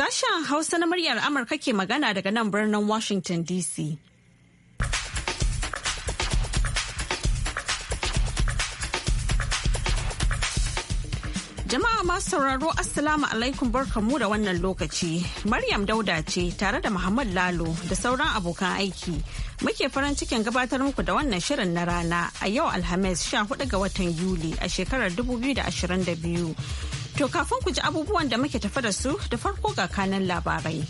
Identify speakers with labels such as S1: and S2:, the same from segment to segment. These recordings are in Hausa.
S1: Sashen Hausa na muryar Amurka ke magana daga nan birnin Washington DC. Jama'a masu sauraro Assalamu alaikum barka mu da wannan lokaci. Maryam Dauda ce tare da Muhammad Lalo da sauran abokan aiki. Muke farin cikin gabatar muku da wannan shirin na rana a yau Alhamis 14 ga watan Yuli a shekarar 2022. To kafin ku ji abubuwan da muke tafa da su da farko ga kanan labarai.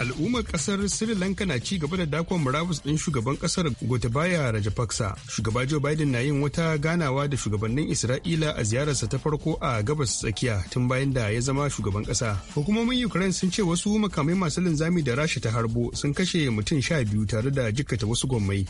S2: Al'ummar kasar Sri Lanka na ci gaba da dakon murabus ɗin shugaban kasar Gotabaya Rajapaksa. Shugaba Joe Biden na yin wata ganawa da shugabannin Isra'ila a ziyararsa ta farko a gabas tsakiya tun bayan da ya zama shugaban kasa. Hukumomin Ukraine sun ce wasu makamai masu linzami da Rasha ta harbo sun kashe mutum sha biyu tare da jikkata wasu gwammai.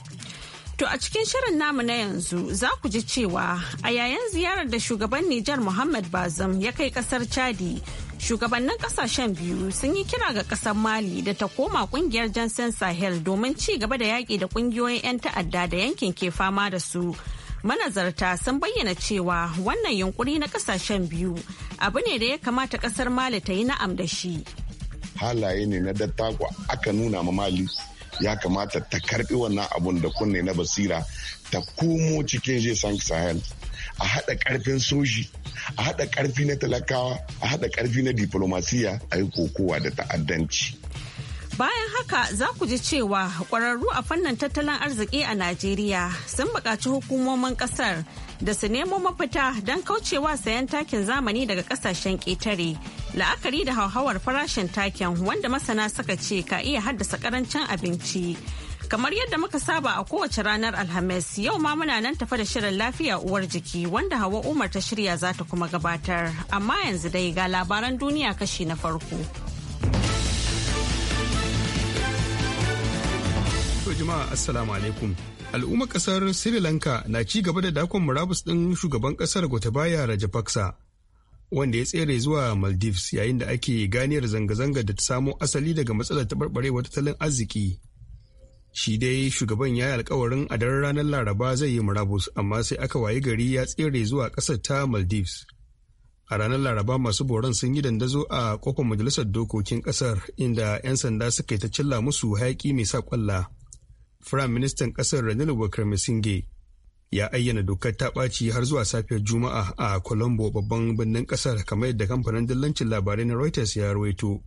S1: To a cikin shirin namu na yanzu za ku ji cewa a yayin ziyarar da shugaban Nijar Muhammad Bazum ya kai kasar Chadi, shugabannin kasashen biyu sun yi kira ga kasar Mali da ta koma kungiyar Jansen Sahel domin ci gaba da yaƙi da kungiyoyin 'yan ta'adda da yankin ke fama da su. Manazarta sun bayyana cewa wannan yunkuri na kasashen biyu abu ne da ya kamata kasar Mali ta yi na'am da shi.
S3: Halaye ne na dattako aka nuna ma Mali ya kamata ta karbi wannan abun da kunne na basira ta komo cikin je sank sahel a hada ƙarfin soji a hada ƙarfi na talakawa a hada karfi na diplomasiya a yi kokowa da ta'addanci
S1: Bayan haka za ku ji cewa kwararru a fannin tattalin arziki a Najeriya sun buƙaci hukumomin ƙasar da su nemo mafita don kaucewa sayan takin zamani daga ƙasashen ƙetare. La'akari da hauhawar farashin takin wanda masana suka ce ka iya haddasa ƙarancin abinci. Kamar yadda muka saba a kowace ranar Alhamis yau ma muna nan tafa da shirin lafiya uwar jiki wanda hawa Umar ta shirya za ta kuma gabatar. Amma yanzu dai ga labaran duniya kashi na farko.
S2: jama'a assalamu alaikum. Al'ummar kasar Sri Lanka na ci gaba da dakon murabus ɗin shugaban kasar Gotabaya Rajapaksa wanda ya tsere zuwa Maldives yayin da ake ganiyar zanga-zanga da ta samo asali daga matsalar taɓarɓarewar tattalin arziki. Shi dai shugaban ya yi alkawarin a daren ranar Laraba zai yi murabus amma sai aka wayi gari ya tsere zuwa ƙasar ta Maldives. a ranar laraba masu boron sun yi dandazo a kofar majalisar dokokin ƙasar, inda 'yan sanda suka yi ta cilla musu hayaki mai sa kwalla Firayim Ministan ƙasar Ranil Wickremesinghe ya ayyana dokar ta ɓaci har zuwa safiyar Juma'a a Colombo babban birnin ƙasar kamar yadda kamfanin dillancin labarai na Reuters ya rawaito.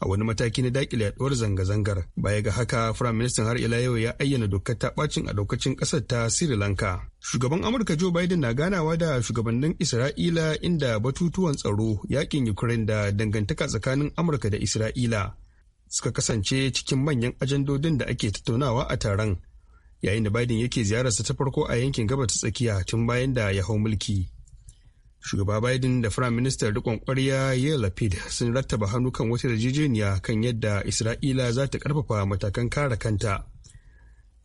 S2: A wani mataki na dakile yaɗuwar zanga-zangar baya ga haka Firayim Ministan har ila yau ya ayyana dokar ta ɓacin a daukacin ƙasar ta Sri Lanka. Shugaban Amurka Joe Biden na ganawa da shugabannin Isra'ila inda batutuwan tsaro yakin Ukraine da dangantaka tsakanin Amurka da Isra'ila suka kasance cikin manyan ajandodin da ake tattaunawa a taron yayin da biden yake ziyararsa ta farko a yankin gaba ta tsakiya tun bayan da ya hau mulki shugaba biden da firayim ministan rikon kwarya yair lapid sun rattaba hannu kan wata yarjejeniya kan yadda isra'ila za ta karfafa matakan kare kanta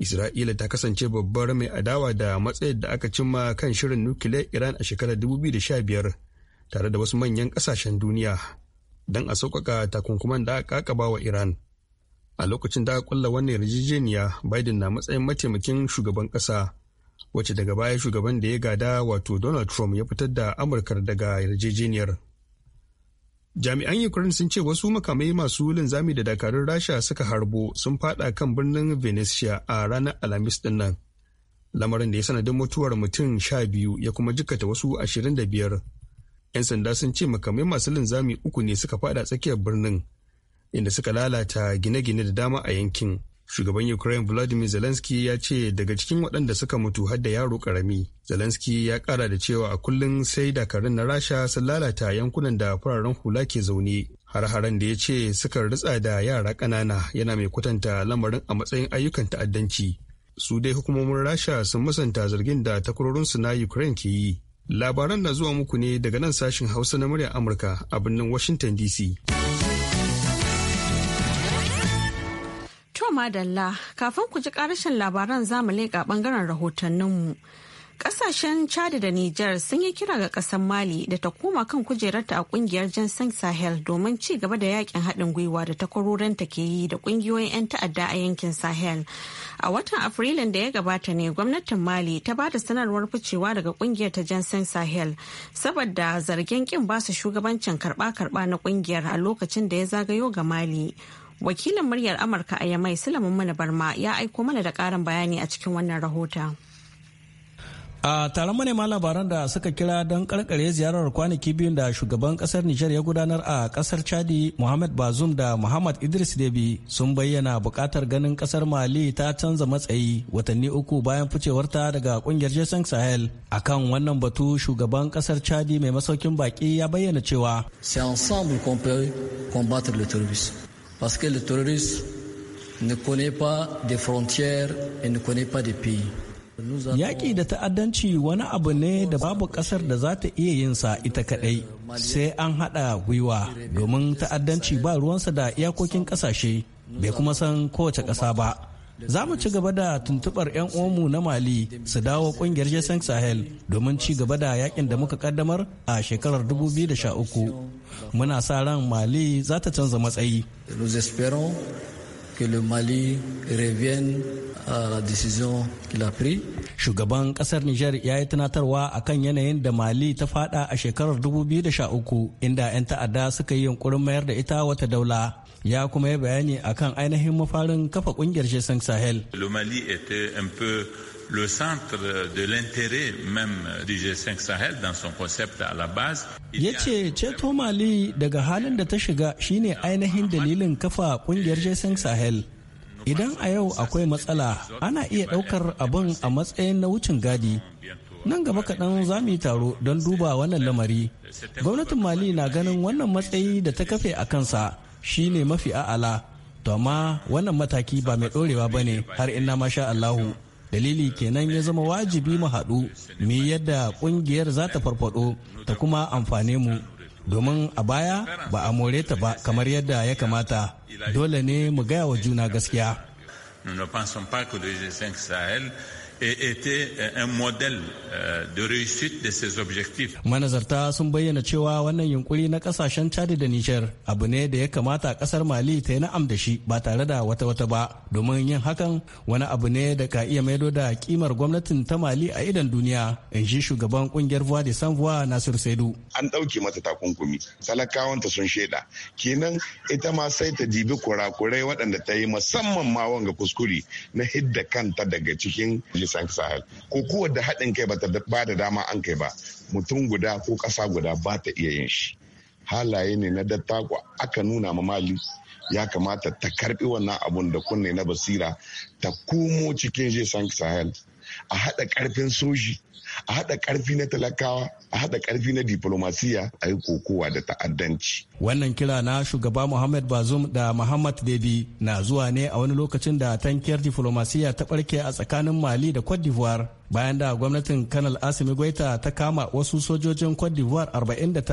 S2: isra'ila ta kasance babbar mai adawa da matsayar da aka cimma kan shirin nukiliyar iran a shekarar 2015 tare da wasu manyan kasashen duniya don a sauƙaƙa takunkuman da aka kakaba wa Iran. A lokacin da aka kulla wannan yarjejeniya, Biden na matsayin mataimakin shugaban ƙasa, wacce daga baya shugaban da ya gada wato Donald Trump ya fitar da Amurkar daga yarjejeniyar. Jami'an Ukraine sun ce wasu makamai masu linzami da dakarun Rasha suka harbo sun fada kan birnin Venetia a ranar Alhamis din nan. Lamarin da ya sanadin mutuwar mutum sha biyu ya kuma jikata wasu ashirin da biyar. 'yan sanda sun ce makamai masu linzami uku ne suka fada tsakiyar birnin inda suka lalata gine-gine da dama a yankin shugaban ukraine vladimir zelensky ya ce daga cikin waɗanda suka mutu har da yaro karami zelensky ya ƙara da cewa a kullum sai dakarun na rasha sun lalata yankunan da fararen hula ke zaune har-haren da ya ce suka ritsa da yara ƙanana yana mai kwatanta lamarin a matsayin ayyukan ta'addanci su dai hukumomin rasha sun musanta zargin da takwarorinsu na ukraine ke yi Labaran na zuwa muku ne daga nan sashin Hausa na murya Amurka a birnin Washington DC.
S1: To madalla, kafin ku ji karashin labaran zamu leƙa bangaren rahotanninmu. Kasashen Chad da Niger sun yi kira ga kasar Mali da ta koma kan kujerarta a kungiyar Jansen Sahel domin ci gaba da yakin haɗin gwiwa da takwarorinta ke yi da kungiyoyin 'yan ta'adda a yankin Sahel. A watan Afrilun da ya gabata ne gwamnatin Mali ta ba da sanarwar ficewa daga kungiyar ta Jansen Sahel saboda zargin kin su shugabancin karba-karba na kungiyar a lokacin da ya zagayo ga Mali. Wakilin muryar Amurka a Yamai Sulaiman Mana Barma ya aiko mana da ƙarin bayani a cikin wannan rahoton.
S4: a taron manema labaran da suka kira don karkare ziyarar kwanaki biyun da shugaban kasar nijar ya gudanar a kasar chadi muhammad bazum da muhammad idris debi sun bayyana bukatar ganin kasar mali ta canza matsayi watanni uku bayan ficewarta daga kungiyar jason sahel a kan wannan batu shugaban kasar chadi mai masaukin baki ya bayyana cewa Parce que le terrorisme ne connaît pas de frontières et ne connaît pas de pays. Yaƙi da ta'addanci wani abu ne da babu ƙasar da za ta iya yin sa ita kaɗai sai an haɗa gwiwa domin ta'addanci ba ruwansa da iyakokin ƙasashe bai kuma san kowace ƙasa ba. Za mu ci gaba da tuntuɓar 'yan omu na Mali su dawo ƙungiyar Jason Sahel domin ci gaba da yakin da muka kaddamar a shekarar 2013. Muna sa ran Mali za ta canza matsayi. que le Mali revienne à la décision qu'il a prise. Shugaban kasar niger ya yi tunatarwa a kan yanayin da Mali ta fada a shekarar 2013 inda 'yan ta'adda suka yi yunkurin mayar da ita wata daula. Ya kuma yi bayani akan ainihin mafarin kafa kungiyar Jason Sahel.
S3: Le Mali était un peu le centre de l'intérêt même du G5 Sahel dans son concept à la base.
S4: Ya ce ceto Mali daga halin da ta shiga shine ainihin dalilin kafa kungiyar G5 Sahel. Idan a yau akwai matsala ana iya ɗaukar abin a matsayin na wucin gadi. Nan gaba kaɗan za mu yi taro don duba wannan lamari. Gwamnatin Mali na ganin wannan matsayi da ta kafe a kansa shine mafi a'ala. To amma wannan mataki ba mai ɗorewa ba ne har ina masha Allahu. dalili kenan ya zama wajibi mu haɗu mu yadda ƙungiyar za ta farfado ta kuma amfane mu domin a baya ba a more ta ba kamar yadda ya kamata dole ne mu gaya wa juna gaskiya
S3: Nous et était un modèle euh, de réussite de ses objectifs.
S4: Manazarta sun bayyana cewa wannan yunkuri na kasashen Chad da Niger abu ne da ya kamata kasar Mali ta yi na'am da shi ba tare da wata wata ba domin yin hakan wani abu ne da ka iya maido da kimar gwamnatin ta Mali a idan duniya in ji shugaban kungiyar Voix de San Voix Nasir Saidu.
S3: An ɗauke mata takunkumi talakawanta sun shaida kenan ita ma sai ta dibi kurakurai waɗanda ta yi musamman ma wanga kuskure na hidda kanta daga cikin g sahel ko kowar da haɗin kai bata ba da dama an kai ba mutum guda ko ƙasa guda ba ta iya yin shi halaye ne na dattako aka nuna ma mali ya kamata ta karbi wannan abun da kunne na basira ta komo cikin g sahel a haɗa ƙarfin soji a haɗa ƙarfi na talakawa a haɗa ƙarfi na diplomasiya a yi kokowa da ta'addanci.
S4: Wannan kira na shugaba Muhammad Bazum da Muhammad Debi na zuwa ne a wani lokacin da tankiyar diplomasiya ta ɓarke a tsakanin Mali da Cote d'Ivoire bayan da gwamnatin kanal asimi gwaita ta kama wasu sojojin cote d'ivoire 49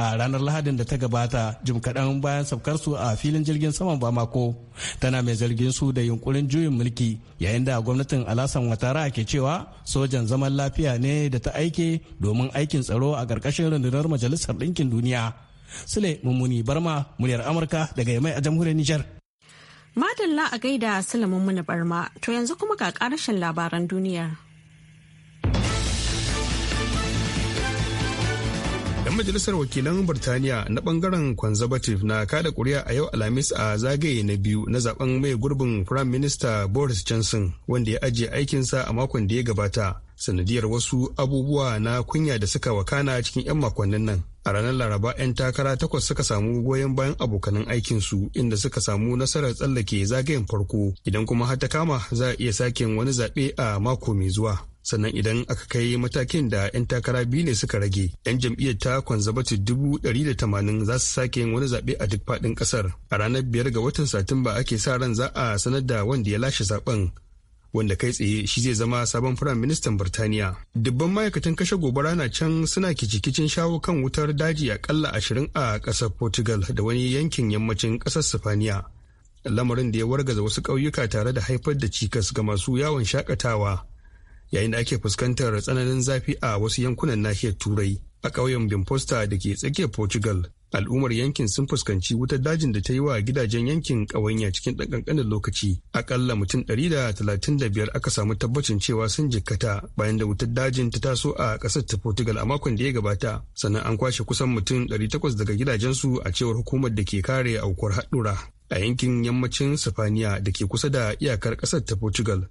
S4: a ranar lahadin da ta gabata jim kaɗan bayan su a filin jirgin saman bamako tana mai zargin su da yunkurin juyin mulki yayin da gwamnatin alasan watara ke cewa sojan zaman lafiya ne da ta aike domin aikin tsaro a ƙarƙashin rundunar majalisar ɗinkin duniya sule mummuni barma muryar amurka daga yamai a jamhuriyar nijar
S1: madalla a gaida sule mummuni barma to yanzu kuma ga ƙarashin labaran duniyar
S2: majalisar wakilan Birtaniya na bangaren Conservative na kada kuri'a a yau Alhamis a zagaye na biyu na zaben mai gurbin Prime Minister Boris Johnson wanda ya ajiye aikinsa a makon da ya gabata sanadiyar wasu abubuwa na kunya da suka wakana cikin 'yan makonnin nan. A ranar Laraba 'yan takara takwas suka samu goyon bayan abokanan aikinsu inda suka samu nasarar tsallake zagayen farko idan kuma har kama za a iya sakin wani zaɓe a mako mai zuwa. sannan idan aka kai matakin da 'yan takara biyu ne suka rage 'yan jam'iyyar ta kwanzabati dubu ɗari da tamanin za su sake yin wani zaɓe a duk faɗin ƙasar a ranar biyar ga watan satumba ake sa ran za a sanar da wanda ya lashe zaɓen wanda kai tsaye shi zai zama sabon firayim ministan Birtaniya. Dubban ma'aikatan kashe gobara na can suna kicikicin shawo kan wutar daji akalla ashirin a ƙasar Portugal da wani yankin yammacin ƙasar Sifaniya. Lamarin da ya wargaza wasu ƙauyuka tare da haifar da cikas ga masu yawon shakatawa. yayin da ake fuskantar tsananin zafi a wasu yankunan nahiyar turai a ƙauyen bimposta da ke tsakiyar portugal al'ummar yankin sun fuskanci wutar dajin da ta yi wa gidajen yankin ƙawanya cikin ɗan ƙanƙanin lokaci akalla mutum ɗari da talatin da biyar aka samu tabbacin cewa sun jikkata bayan da wutar dajin ta taso a ƙasar ta portugal a makon da ya gabata sannan an kwashe kusan mutum ɗari takwas daga gidajensu a cewar hukumar da ke kare aukuwar haɗura a yankin yammacin sifaniya da ke kusa da iyakar ƙasar ta portugal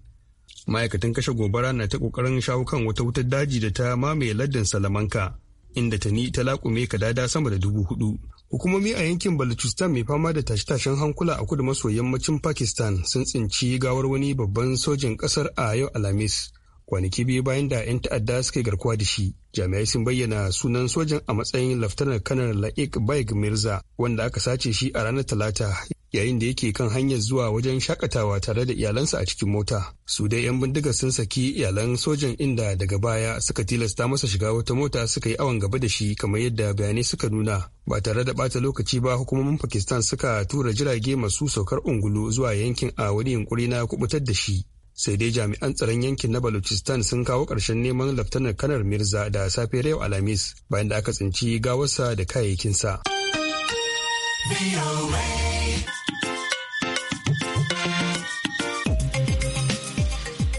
S2: ma'aikatan kashe gobara na ta kokarin shawo kan wata wutar daji da ta mamaye lardin salamanka inda ta ni ta laƙume kadada sama da dubu hudu hukumomi a yankin balochistan mai fama da tashe-tashen hankula a kudu maso yammacin pakistan sun tsinci gawar wani babban sojin ƙasar a yau alhamis kwanaki biyu bayan da 'yan ta'adda suka garkuwa da shi jami'ai sun bayyana sunan sojan a matsayin laftanar kanar la'ik baig mirza wanda aka sace shi a ranar talata yayin da yake kan hanyar zuwa wajen shakatawa tare da iyalansa a cikin mota su dai 'yan bindiga sun saki iyalan sojan inda daga baya suka tilasta masa shiga wata mota suka yi awon gaba da shi kamar yadda bayanai suka nuna ba tare da bata lokaci ba hukumomin pakistan suka tura jirage masu saukar ungulu zuwa yankin a wani yunkuri na kubutar da shi sai dai jami'an tsaron yankin na balochistan sun kawo ƙarshen neman laftanar kanar mirza da safe yau alhamis bayan da aka tsinci gawarsa da kayayyakinsa.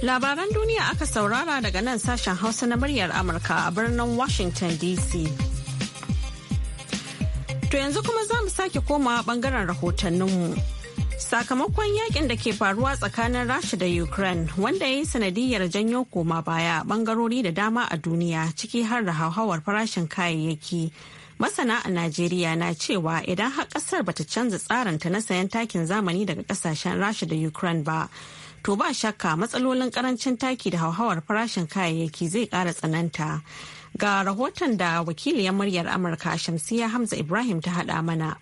S1: Labaran duniya aka saurara daga nan sashen Hausa na muryar Amurka a birnin Washington DC. To yanzu kuma za mu sake komawa bangaren rahotanninmu. Sakamakon yakin da ke faruwa tsakanin Rasha da Ukraine wanda ya yi sanadiyar janyo koma baya bangarori da dama a duniya ciki har da hauhawar farashin kayayyaki. Masana a Najeriya na cewa idan har kasar bata canza tsarinta na sayan takin zamani daga kasashen Rasha da Ukraine ba, to ba shakka matsalolin karancin taki da hauhawar farashin kayayyaki zai ƙara tsananta. Ga rahoton da wakiliyar muryar Amurka Shamsiya Hamza Ibrahim ta haɗa mana.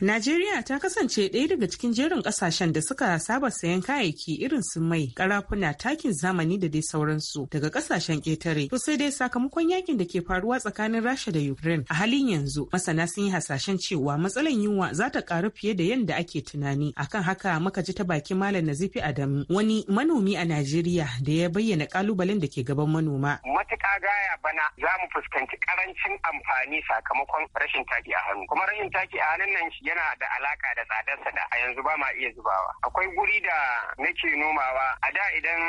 S5: Najeriya ta kasance ɗaya daga cikin jerin ƙasashen da suka saba sayan kayayyaki irin su mai, karafuna, takin zamani da dai sauransu daga ƙasashen ƙetare. To sai dai sakamakon yakin da ke faruwa tsakanin Rasha da Ukraine a halin yanzu masana sun yi hasashen cewa matsalar yunwa za ta ƙaru fiye da yadda ake tunani. Akan haka muka ji ta bakin Malam Nazifi Adamu wani manomi a Najeriya da ya bayyana ƙalubalen da ke gaban manoma. Matuƙa gaya
S6: bana za mu fuskanci ƙarancin amfani sakamakon rashin taki a hannu. Kuma rashin taki a hannun nan yana da alaka da tsadarsa da a yanzu ba ma iya zubawa akwai guri da nake nomawa a da idan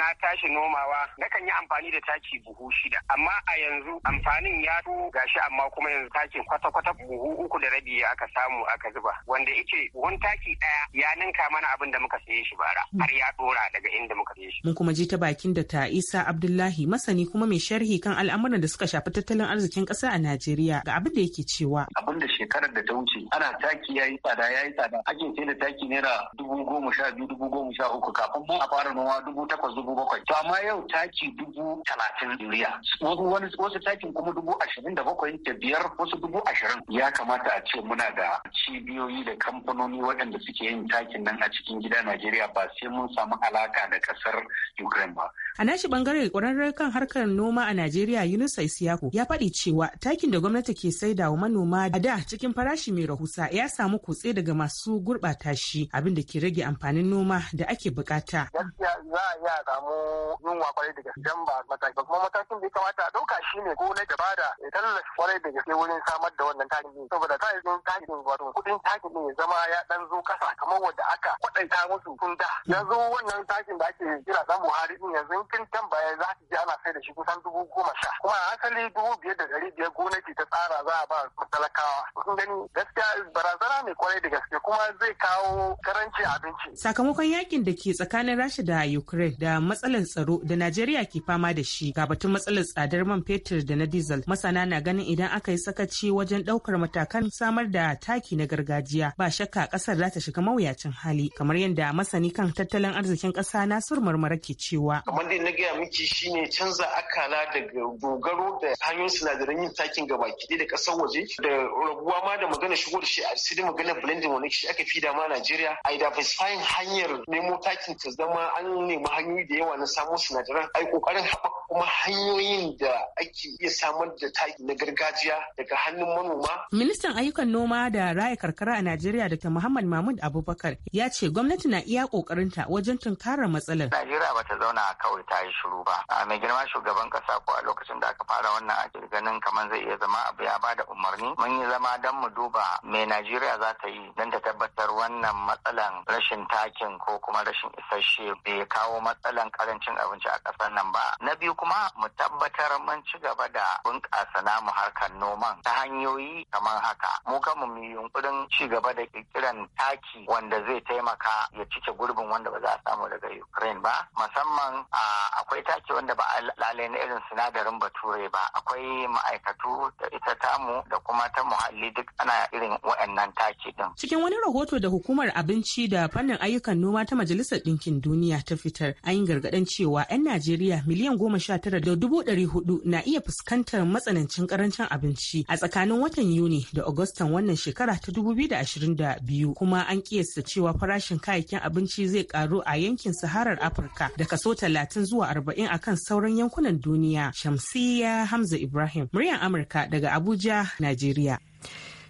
S6: na tashi nomawa nakan yi amfani da taki buhu shida amma a yanzu amfanin ya to gashi amma kuma yanzu takin kwata-kwata buhu uku da rabi aka samu aka zuba wanda yake buhun taki daya ya ninka mana abin da muka saye shi bara hmm. har ya dora daga inda muka saye shi
S5: mun kuma ji ta bakin da ta Isa Abdullahi masani kuma mai sharhi kan al'amuran da suka shafi tattalin arzikin ƙasa a Najeriya ga abin da yake cewa
S6: abin da shekarar da ta wuce ana taki ya yi tsada ya yi tsada ake sai da taki naira dubu goma sha biyu dubu goma sha uku kafin mu a fara noma dubu takwas dubu bakwai to amma yau taki dubu talatin duniya
S5: wasu
S6: takin kuma dubu ashirin da bakwai da biyar wasu dubu ashirin ya kamata a ce muna da cibiyoyi da kamfanoni waɗanda suke yin takin nan a cikin gida Najeriya ba sai mun samu alaka
S3: da ƙasar
S5: Ukraine ba. A nashi bangare ƙwararren kan harkar noma a Najeriya Yunusa Isiyaku ya faɗi cewa takin da gwamnati ke saida wa manoma a da cikin farashi mai rahusa ya samu kutse daga masu gurɓata shi abin da ke rage amfanin noma da ake bukata. Gaskiya
S6: za a iya samu yunwa kwarai da gaske ba mataki ba kuma matakin da ya kamata a ɗauka shi ne ko na bada da tallafi kwarai da gaske wurin samar da wannan takin ne. saboda takin
S5: takin wato kuɗin takin ne ya zama ya ɗan zo ƙasa kamar wanda aka kwaɗaita musu tun da yanzu wannan takin
S6: da ake kira ɗan Buhari ɗin yanzu Kin tambaya za ki ji ana sai da shi kusan dubu goma sha kuma a asali dubu biyar da dari biyar gonaki ta tsara za a ba talakawa kun gani gaskiya barazana mai kwarai da gaske kuma zai kawo karanci abinci
S5: sakamakon yakin da ke tsakanin rasha da ukraine da matsalar tsaro da najeriya ke fama da shi ga batun matsalar tsadar man fetur da na diesel masana na ganin idan aka yi sakaci wajen ɗaukar matakan samar da taki na gargajiya ba shakka ƙasar za ta shiga mawuyacin hali kamar yadda masani kan tattalin arzikin kasa Nasiru marmara ke cewa kamar misali na gaya miki shine canza akala daga dogaro da hanyoyin sinadaran yin takin gaba ki da kasar waje da rabuwa ma da magana shigo da shi a sai
S6: magana blending wani shi aka fi da ma Najeriya a diversifying hanyar nemo takin ta zama an nemi hanyoyi da yawa na samo sinadaran ai kokarin haɓaka kuma hanyoyin
S5: da ake iya samar da taki na gargajiya daga hannun manoma. Ministan ayyukan noma da raya karkara a Najeriya Dr. Muhammad Mahmud Abubakar ya ce gwamnati na iya kokarinta wajen tunkarar matsalar.
S6: Najeriya ba ta zauna kawai kawai ta yi shiru ba a mai girma shugaban kasa ko a lokacin da aka fara wannan a ganin kamar zai iya zama abu ya bada umarni mun yi zama don mu duba me najeriya za ta yi don ta tabbatar wannan matsalan rashin takin ko kuma rashin isasshe bai kawo matsalan karancin abinci a ƙasar nan ba na biyu kuma mu tabbatar mun ci gaba da bunƙasa namu harkar noman ta hanyoyi kamar haka mu kanmu mu yunkurin ci gaba da ƙirƙiran taki wanda zai taimaka ya cike gurbin wanda ba za a samu daga ukraine ba musamman a akwai taki wanda ba lalai na irin sinadarin bature ba akwai ma'aikatu da ita tamu da kuma ta muhalli duk ana irin wa'annan taki
S5: din cikin wani rahoto da hukumar abinci da fannin ayyukan noma ta majalisar ɗinkin duniya ta fitar an yi gargaɗin cewa 'yan najeriya miliyan goma sha tara da dubu ɗari hudu na iya fuskantar matsanancin karancin abinci a tsakanin watan yuni da agustan wannan shekara ta dubu biyu da ashirin da biyu kuma an kiyasta cewa farashin kayayyakin abinci zai karu a yankin saharar afirka da kaso talatin talatin zuwa arba'in a kan sauran yankunan duniya. Shamsiya Hamza Ibrahim, muryar Amurka daga Abuja, Najeriya.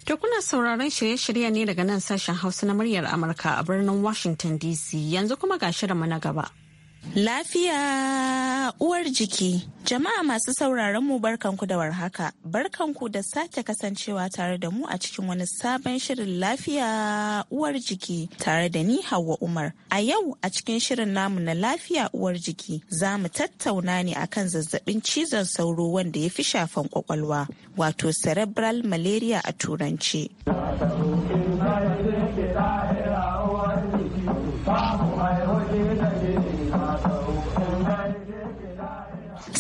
S5: To kuna sauraron shirye-shirye ne
S1: daga nan sashen Hausa na muryar Amurka a birnin Washington DC yanzu kuma ga shirinmu na gaba.
S7: Lafiya uwar jiki. Jama'a masu sauraron mu barkanku da warhaka. Barkanku da sake kasancewa tare da mu a cikin wani sabon shirin lafiya uwar jiki tare da ni Hauwa Umar. A yau a cikin shirin namu na lafiya uwar jiki za mu tattauna ne akan zazzabin cizon sauro wanda ya fi shafan kwakwalwa wato cerebral malaria a turanci.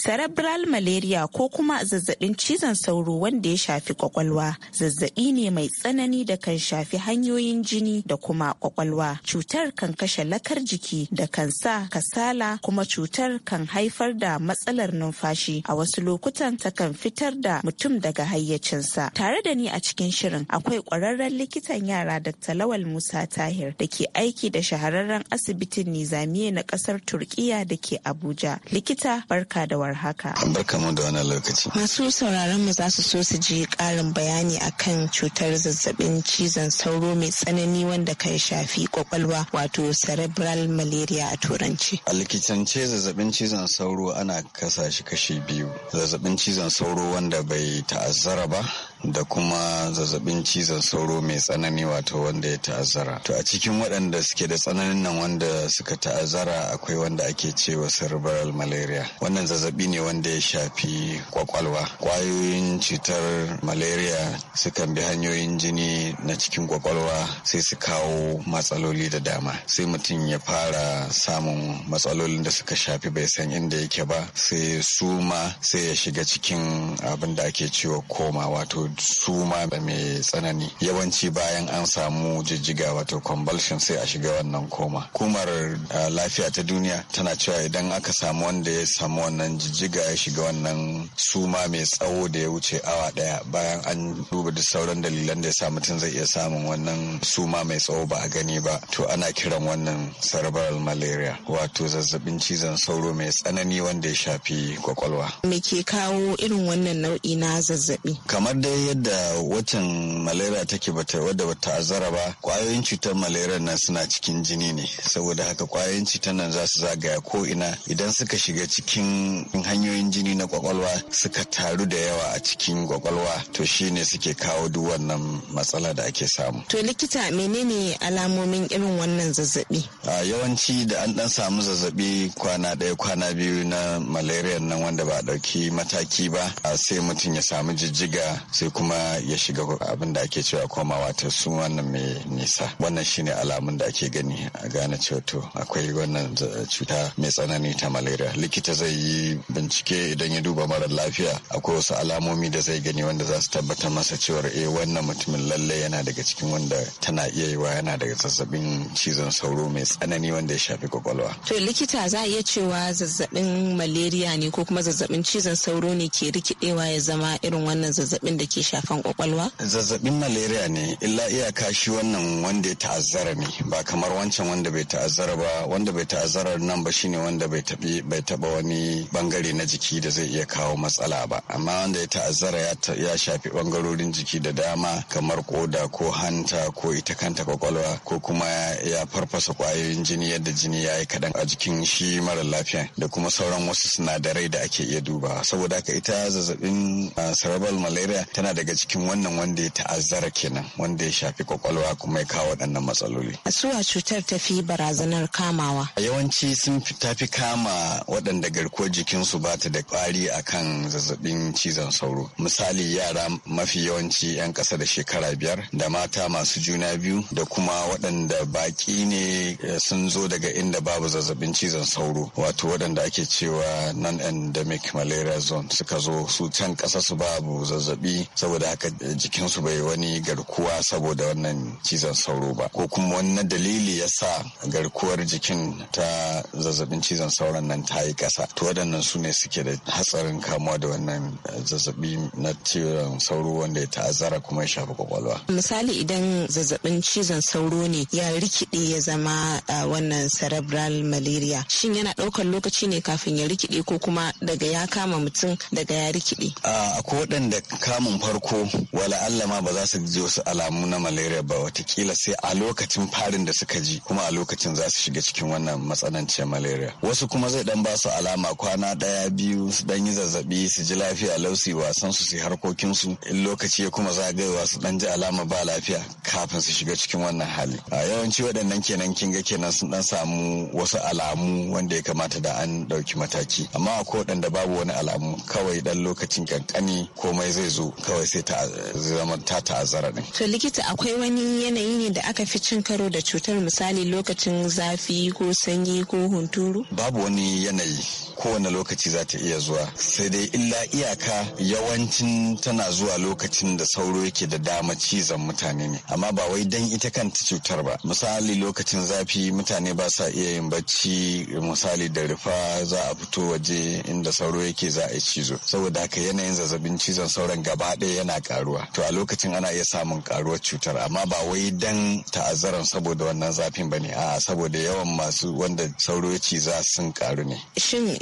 S7: cerebral malaria ko kuma zazzabin cizon sauro wanda ya shafi kwakwalwa zazzabi ne mai tsanani da kan shafi hanyoyin jini da kuma kwakwalwa cutar kan kashe lakar jiki da kan sa kasala kuma cutar kan haifar da matsalar numfashi a wasu lokutan ta kan fitar da mutum daga hayyacinsa tare da ni a cikin shirin akwai kwararren likitan yara dr lawal musa tahir da ke aiki da shahararren asibitin nizamiya na kasar turkiya da ke abuja likita barka da war haka.
S6: bar mu da wani lokaci.
S7: Masu sauraron mu za su so su ji ƙarin bayani akan cutar zazzabin cizon sauro mai tsanani wanda kan shafi kwakwalwa wato cerebral malaria a turanci.
S6: A likitance zazzabin cizon sauro ana kasa shi kashi biyu. Zazzabin cizon sauro wanda bai ta'azzara ba da kuma zazzabin cizon sauro mai tsanani wato wanda ya ta'azzara to a cikin waɗanda suke da tsananin nan wanda suka ta'azzara akwai wanda ake cewa cerebral malaria wannan zazzabi ne wanda ya shafi kwakwalwa kwayoyin cutar malaria sukan bi hanyoyin jini na cikin kwakwalwa sai su kawo matsaloli da dama sai mutum ya fara samun matsalolin da suka shafi bai san inda yake ba sai suma sai ya shiga cikin abin da ake cewa koma wato suma da mai tsanani yawanci bayan an samu jijjiga wato convulsion sai a shiga wannan koma kumar ah, lafiya ta duniya tana cewa idan aka samu wanda ya samu wannan jijjiga ya shiga wannan suma mai tsawo da ya wuce awa daya bayan an duba duk sauran dalilan da ya sa mutum zai iya samun wannan suma mai tsawo ba a gani ba to ana kiran wannan cerebral malaria wato zazzabin cizon sauro mai tsanani wanda ya shafi kwakwalwa
S7: me ke kawo irin wannan nau'i na zazzabi
S6: kamar dai dai yadda waccan malaria take bata wadda bata azara ba kwayoyin cutar malaria nan suna cikin jini ne saboda haka kwayoyin cutar nan za su zagaya ko ina idan suka shiga cikin hanyoyin jini na kwakwalwa suka taru da yawa a cikin kwakwalwa to shine suke kawo duk wannan matsala da ake samu
S7: to likita menene alamomin irin wannan zazzabi
S6: a yawanci da an dan samu zazzabi kwana ɗaya kwana biyu na malaria nan wanda ba dauki ɗauki mataki ba sai mutum ya samu jijjiga sai kuma ya shiga abin da ake cewa komawa ta sun wannan mai nisa wannan shine alamun da ake gani a gane cewa to akwai wannan cuta mai tsanani ta malaria likita zai yi bincike idan ya duba mara lafiya akwai wasu alamomi da zai gani wanda za su tabbatar masa cewa eh wannan mutumin lalle yana daga cikin wanda tana iya yiwa yana daga zazzabin cizon sauro mai tsanani wanda ya shafi kwakwalwa
S7: to likita za a iya cewa zazzabin malaria ne ko kuma zazzabin cizon sauro ne ke rikidewa ya zama irin wannan zazzabin da ke ke shafan kwakwalwa?
S6: Zazzabin malaria ne, illa iyaka shi wannan wanda ya ta'azzara ne, ba kamar wancan wanda bai ta'azzara ba, wanda bai ta'azzara nan ba shine wanda bai tabi bai taba wani bangare na jiki da zai iya kawo matsala ba. Amma wanda ya ta'azzara ya shafi bangarorin jiki da dama kamar koda ko hanta ko ita kanta kwakwalwa ko kuma ya farfasa kwayoyin jini yadda jini ya yi kaɗan a jikin shi mara lafiya da kuma sauran wasu sinadarai da ake iya dubawa saboda haka ita zazzabin ah, cerebral malaria tana yana daga cikin wannan wanda ya ta'azzara kenan wanda ya shafi kwakwalwa kuma ya kawo waɗannan matsaloli.
S7: Suwa cutar ta fi barazanar kamawa.
S6: a Yawanci sun ta fi kama waɗanda garkuwar jikinsu ba ta da ƙwari kan zazzabin cizon sauro. Misali yara mafi yawanci 'yan ƙasa da shekara biyar da mata masu juna biyu da kuma waɗanda baƙi ne eh, sun zo daga inda babu zazzabin cizon sauro wato waɗanda ake cewa non-endemic malaria zone suka zo su can ƙasa su babu zazzabi saboda haka jikinsu bai wani garkuwa saboda wannan cizon sauro ba ko kuma wannan dalili ya sa garkuwar jikin ta zazzabin cizon sauron nan ta yi ƙasa to waɗannan su ne suke da hatsarin kamuwa da wannan eh, zazzabi na cizon sauro wanda ya ta'azzara kuma ya shafi kwakwalwa
S7: misali idan zazzabin cizon sauro ne ya rikide ya zama eh, wannan cerebral malaria shin yana ɗaukar lokaci ne kafin ya rikide ko kuma daga ya kama mutum daga ya rikide a ah,
S6: waɗanda kamun farko wala Allah ma ba za su ji wasu alamu na malaria ba watakila sai a lokacin farin da suka ji kuma a lokacin za su shiga cikin wannan matsananciyar malaria wasu kuma zai dan ba su alama kwana daya biyu su dan yi zazzabi su ji lafiya lausi wasan su su harkokin su in lokaci ya kuma zagayewa su dan ji alama ba lafiya kafin su shiga cikin wannan hali a yawanci waɗannan kenan kin ga kenan sun dan samu wasu alamu wanda ya kamata da an ɗauki mataki amma akwai waɗanda babu wani alamu kawai dan lokacin kankani komai zai zo kawai sai ta zama ta ta'azzara ne.
S7: To likita akwai wani yanayi ne da aka fi cin karo da cutar misali lokacin zafi ko sanyi ko hunturu?
S6: Babu wani yanayi kowane lokaci za ta iya zuwa sai dai illa iyaka yawancin tana zuwa lokacin da sauro yake da dama cizon mutane ne amma ba wai dan ita kanta cutar ba misali lokacin zafi mutane ba sa iya yin bacci misali da rufa za a fito waje inda sauro yake za a yi cizo saboda haka yanayin zazzabin cizon sauran gaba ɗaya yana karuwa to a lokacin ana iya samun karuwar cutar amma ba wai dan ta'azzaran saboda wannan zafin ba ne a'a saboda yawan masu wanda sauro ya ciza sun karu ne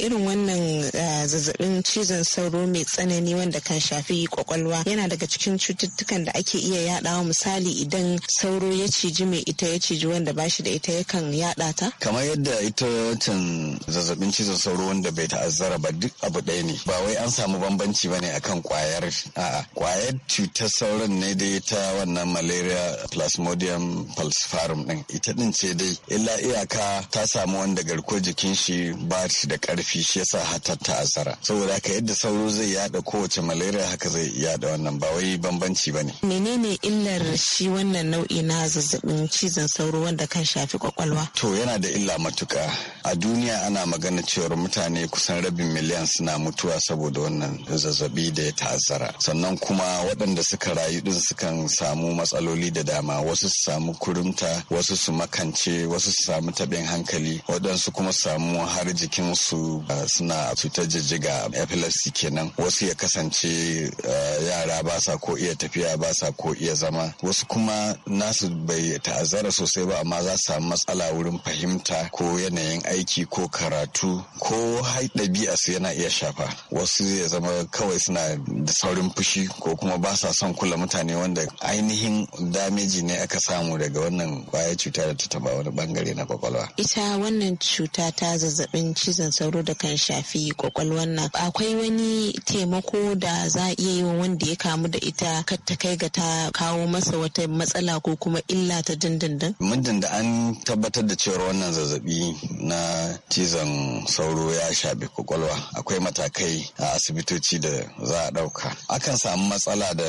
S7: irin wannan eh, zazzabin cizon sauro mai tsanani wanda kan shafi kwakwalwa yana daga cikin cututtukan da ake iya yadawa misali idan sauro ya ciji mai ita ya ciji wanda ba shi da ita yakan yada ta
S6: kamar yadda ita wancan zazzabin cizon sauro wanda bai ta'azzara ba duk abu ɗaya ne ba wai an samu bambanci bane akan kwayar a'a kwayar cutar sauran ne dai ta wannan malaria plasmodium falciparum din ita din ce dai illa iyaka ta samu wanda garkuwar jikin shi ba shi da karfi zafi shi yasa hatar ta azara saboda haka yadda sauro zai yada kowace malaria haka zai yada wannan ba wai bambanci bane
S7: menene illar shi wannan nau'i na zazzabin cizon sauro wanda kan shafi kwakwalwa
S6: to yana da illa matuka a duniya ana magana cewar mutane kusan rabin miliyan suna mutuwa saboda wannan zazzabi da ya ta'azzara sannan kuma waɗanda suka rayu din sukan samu matsaloli da dama wasu su samu kurumta wasu su makance wasu su samu taɓin hankali waɗansu kuma samu har jikinsu suna cutar jijjiga epilepsy kenan wasu ya kasance yara ba sa ko iya tafiya ba sa ko iya zama wasu kuma nasu bai ta'azzara sosai ba amma za su samu matsala wurin fahimta ko yanayin aiki ko karatu ko ɗabi'a su yana iya shafa wasu ya zama kawai suna da saurin fushi ko kuma ba sa son kula mutane wanda ainihin dameji ne aka samu daga wannan kwaya cuta da ta taba wani bangare na kwakwalwa
S7: ita wannan cuta ta zazzabin cizon sauro da kan shafi kwakwalwan nan akwai wani taimako da za a iya yi wa wanda ya kamu da ita kar ta kai ga ta kawo masa wata matsala ko kuma illa ta dindindin
S6: muddin da an tabbatar da cewa wannan zazzabi na cizon sauro ya shafi kwakwalwa akwai matakai a asibitoci da za a ɗauka akan samu matsala da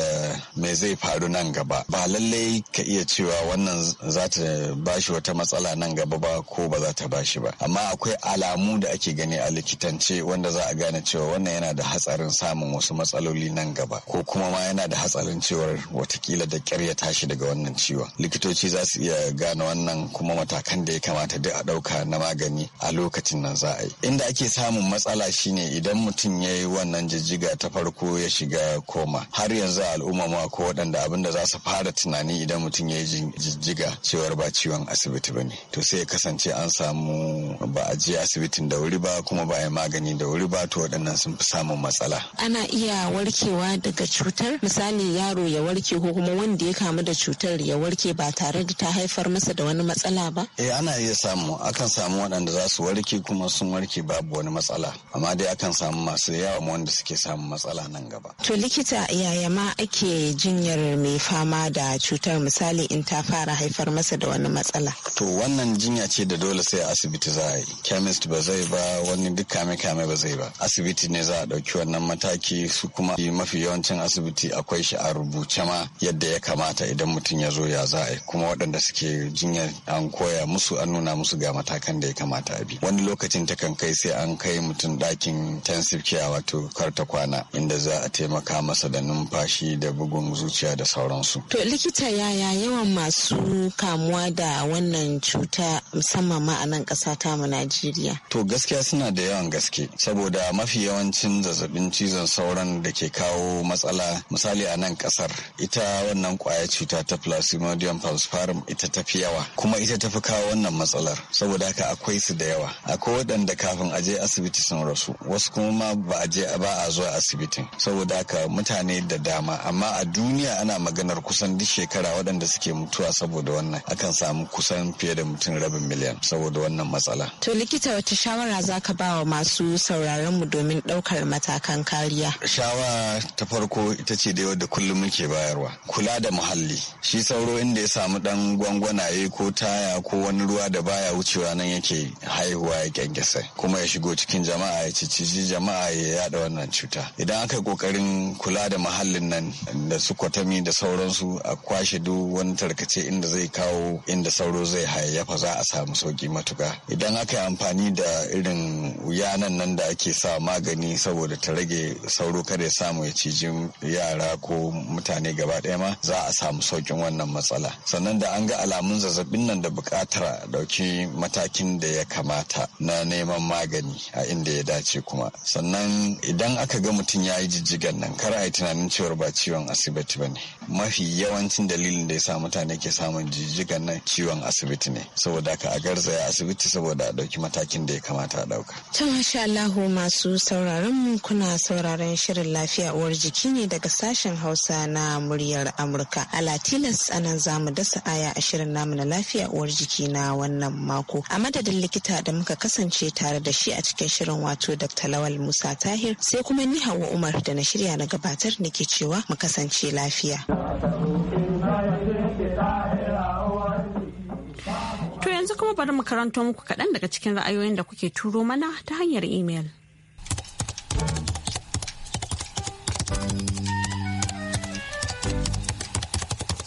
S6: mai zai faru nan gaba ba lallai ka iya cewa wannan za ta bashi wata matsala nan gaba ba ko ba za ta bashi ba amma akwai alamu da ake gani a likitance wanda za a gane cewa wannan yana da hatsarin samun wasu matsaloli nan gaba ko kuma ma yana da hatsarin cewar watakila da kyar ya tashi daga wannan ciwon likitoci za su iya gane wannan kuma matakan da ya kamata duk a ɗauka na magani a lokacin nan za a yi inda ake samun matsala shine idan mutum ya yi wannan jijjiga ta farko ya shiga koma har yanzu al'umma ma ko waɗanda abin da za su fara tunani idan mutum ya yi jijjiga cewar ba ciwon asibiti ba ne to sai ya kasance an samu ba a je asibitin da wuri ba kuma kuma ba a magani da wuri ba to waɗannan sun fi samun matsala.
S7: Ana iya warkewa daga cutar misali yaro ya warke ko kuma wanda ya kamu da cutar ya warke ba tare da ta haifar masa da wani matsala ba?
S6: Eh ana iya samu akan samu waɗanda za su warke kuma sun warke babu wani matsala amma dai akan samu masu yawa wanda suke samun matsala nan gaba.
S7: To likita yaya ma ake jinyar mai fama da cutar misali in ta fara haifar masa da wani matsala?
S6: To wannan jinya ce da dole sai a asibiti za a yi. Chemist ba zai ba wani ganin duk kame-kame ba zai ba asibiti ne za a ɗauki wannan mataki su kuma mafi yawancin asibiti akwai shi a rubuce ma yadda ya kamata idan mutum ya zo ya za a kuma waɗanda suke jinya an koya musu an nuna musu ga matakan da ya kamata a bi wani lokacin takan kai sai an kai mutum ɗakin intensive care wato kar ta kwana inda za a taimaka masa da numfashi da bugun zuciya da sauransu.
S7: To likita yaya yawan masu kamuwa da wannan cuta musamman ma a nan ƙasa ta mu Najeriya?
S6: To gaskiya suna da yawan gaske saboda mafi yawancin zazzabin cizon sauran da ke kawo matsala misali a nan kasar ita wannan kwaya cuta ta plasmodium falciparum ita ta fi yawa kuma ita ta fi kawo wannan matsalar saboda haka akwai su da yawa akwai waɗanda kafin aje asibiti sun rasu wasu kuma ma ba a je ba a zuwa asibitin saboda haka mutane da dama amma a duniya ana maganar kusan duk shekara waɗanda suke mutuwa saboda wannan akan samu kusan fiye da mutum rabin miliyan saboda wannan matsala
S7: to likita wata shawara ka ba ba wa masu sauraron mu domin ɗaukar matakan kariya?
S6: shawa ta farko ita ce da da kullum muke bayarwa. Kula da muhalli. Shi sauro inda ya samu ɗan gwangwanaye ko taya ko wani ruwa da baya wucewa nan yake haihuwa ya kyankyasa kuma ya shigo cikin jama'a ya ciciji jama'a ya yada wannan cuta. Idan aka yi ƙoƙarin kula da muhallin nan da su kwatami da sauransu a kwashe duk wani tarkace inda zai kawo inda sauro zai hayyafa za a samu sauki matuka. Idan aka yi amfani da irin yanan nan nan da ake sa magani saboda ta rage sauro kada ya samu ya cijin yara ko mutane gaba ɗaya ma za a samu saukin wannan matsala sannan da an ga alamun zazzabin nan da buƙatar ɗauki matakin da ya kamata na neman magani a inda ya dace kuma sannan idan aka ga mutum ya yi jijjigan nan kar a yi tunanin cewar ba ciwon asibiti ba ne mafi yawancin dalilin da ya sa mutane ke samun jijjigan nan ciwon asibiti ne saboda ka a garzaya asibiti saboda a ɗauki matakin da ya kamata a ɗauka
S7: Ta masha Allahu masu sauraron mu kuna sauraron shirin lafiya uwar jiki ne daga sashen Hausa na muryar Amurka. A Latinas nan za mu dasa aya a shirin namu na lafiya uwar jiki na wannan mako. A madadin likita da muka kasance tare da shi a cikin shirin wato Dr. Lawal Musa Tahir sai kuma ni Hauwa Umar da na shirya na gabatar nake cewa mu kasance lafiya.
S1: bari mu karanto muku kaɗan daga cikin ra'ayoyin da kuke turo mana ta hanyar imel.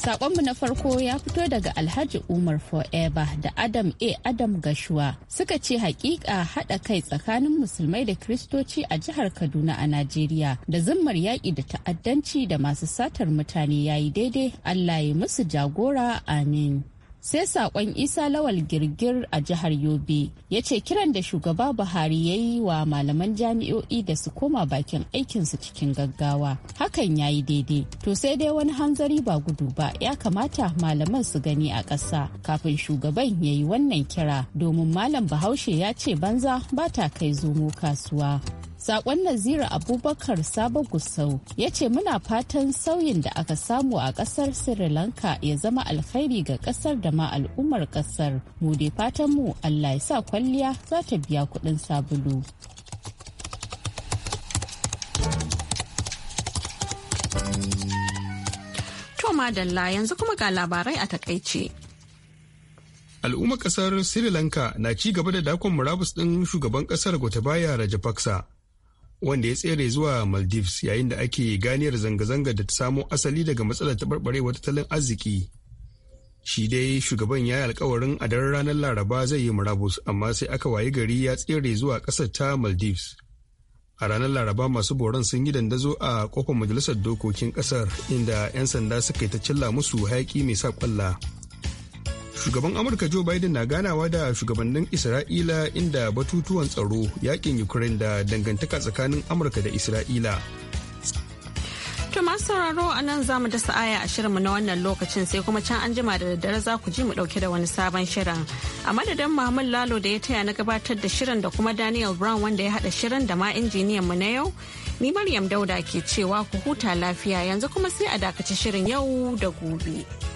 S1: saƙonmu na farko ya fito daga Alhaji Umar Forever da Adam A. Adam Gashuwa suka ce haƙiƙa haɗa kai tsakanin musulmai da kiristoci a jihar Kaduna a Najeriya da zimmar yaƙi da ta'addanci da masu satar mutane yayi daidai Allah ya musu jagora amin. sai sakon isa lawal girgir a jihar yobe ya ce kiran da shugaba buhari ya yi wa malaman jami'o'i da su koma bakin aikinsu cikin gaggawa hakan ya yi daidai to sai dai wani hanzari ba gudu ba ya kamata malaman su gani a ƙasa kafin shugaban ya yi wannan kira domin malam bahaushe ya ce banza ba ta kai zomo kasuwa Sakon Nazira Abubakar Sabo Gusau ya ce muna fatan sauyin da aka samu a kasar Sri Lanka ya zama alkhairi ga kasar da ma al'ummar kasar. Mu dai fatan mu Allah ya sa kwalliya za ta biya kuɗin sabulu. madalla yanzu kuma ga labarai a takaice.
S2: Al'ummar kasar Sri Lanka na ci gaba da dakon murabus ɗin shugaban kasar Gotabaya Rajapaksa wanda ya tsere zuwa Maldives yayin da ake ganiyar zanga zanga da ta samo asali daga matsalar taɓarɓarewar tattalin arziki. Shi dai shugaban ya yi alkawarin a daren ranar Laraba zai yi murabus amma sai aka wayi gari ya tsere zuwa ƙasar ta Maldives. A ranar Laraba masu boron sun yi dandazo a kofar majalisar dokokin ƙasar inda 'yan sanda suka yi ta cilla musu hayaƙi mai sa kwalla. shugaban amurka joe biden na ganawa da shugabannin isra'ila inda batutuwan tsaro yakin ukraine da dangantaka tsakanin amurka da isra'ila
S1: To masu sauraro a nan za mu dasa aya a shirinmu na wannan lokacin sai kuma can an jima da daddare za ku ji mu dauke da wani sabon shirin. A madadin Muhammad Lalo da ya taya na gabatar da shirin da kuma Daniel Brown wanda ya hada shirin da ma injiniyan mu na yau. Ni Maryam Dauda ke cewa ku huta lafiya yanzu kuma sai a dakaci shirin yau da gobe.